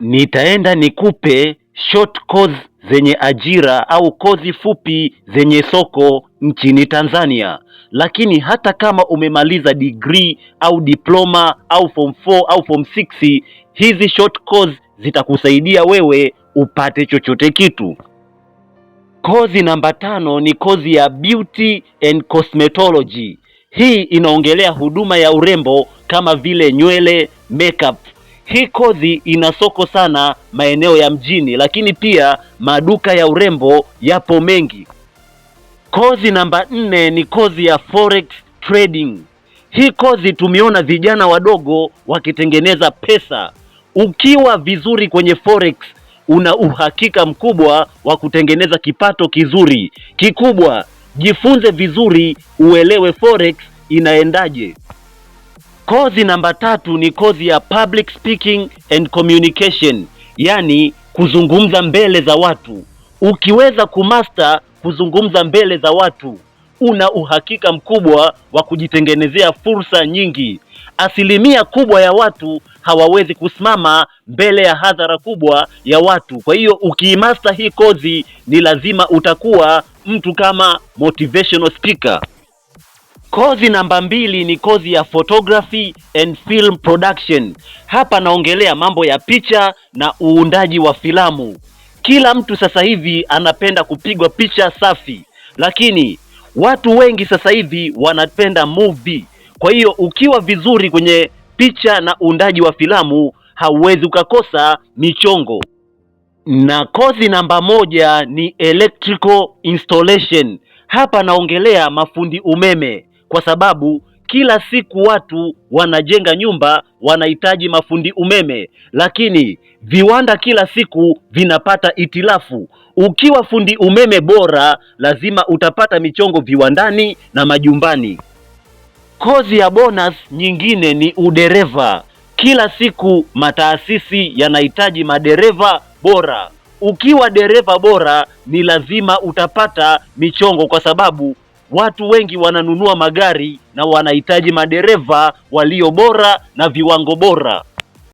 nitaenda nikupe short course zenye ajira au kozi fupi zenye soko nchini Tanzania. Lakini hata kama umemaliza degree au diploma au form 4 au form 6, hizi short course zitakusaidia wewe upate chochote kitu. Kozi namba tano ni kozi ya beauty and cosmetology. Hii inaongelea huduma ya urembo kama vile nywele, makeup hii kozi ina soko sana maeneo ya mjini, lakini pia maduka ya urembo yapo mengi. Kozi namba nne ni kozi ya forex trading. Hii kozi tumeona vijana wadogo wakitengeneza pesa. Ukiwa vizuri kwenye forex, una uhakika mkubwa wa kutengeneza kipato kizuri kikubwa. Jifunze vizuri, uelewe forex inaendaje. Kozi namba tatu ni kozi ya public speaking and communication, yani kuzungumza mbele za watu. Ukiweza kumaster kuzungumza mbele za watu, una uhakika mkubwa wa kujitengenezea fursa nyingi. Asilimia kubwa ya watu hawawezi kusimama mbele ya hadhara kubwa ya watu. Kwa hiyo ukiimasta hii kozi, ni lazima utakuwa mtu kama motivational speaker. Kozi namba mbili ni kozi ya photography and film production. Hapa naongelea mambo ya picha na uundaji wa filamu. Kila mtu sasa hivi anapenda kupigwa picha safi, lakini watu wengi sasa hivi wanapenda movie. Kwa hiyo ukiwa vizuri kwenye picha na uundaji wa filamu, hauwezi ukakosa michongo. Na kozi namba moja ni electrical installation. Hapa naongelea mafundi umeme kwa sababu kila siku watu wanajenga nyumba, wanahitaji mafundi umeme, lakini viwanda kila siku vinapata itilafu. Ukiwa fundi umeme bora, lazima utapata michongo viwandani na majumbani. Kozi ya bonus nyingine ni udereva. Kila siku mataasisi yanahitaji madereva bora. Ukiwa dereva bora, ni lazima utapata michongo, kwa sababu Watu wengi wananunua magari na wanahitaji madereva walio bora na viwango bora.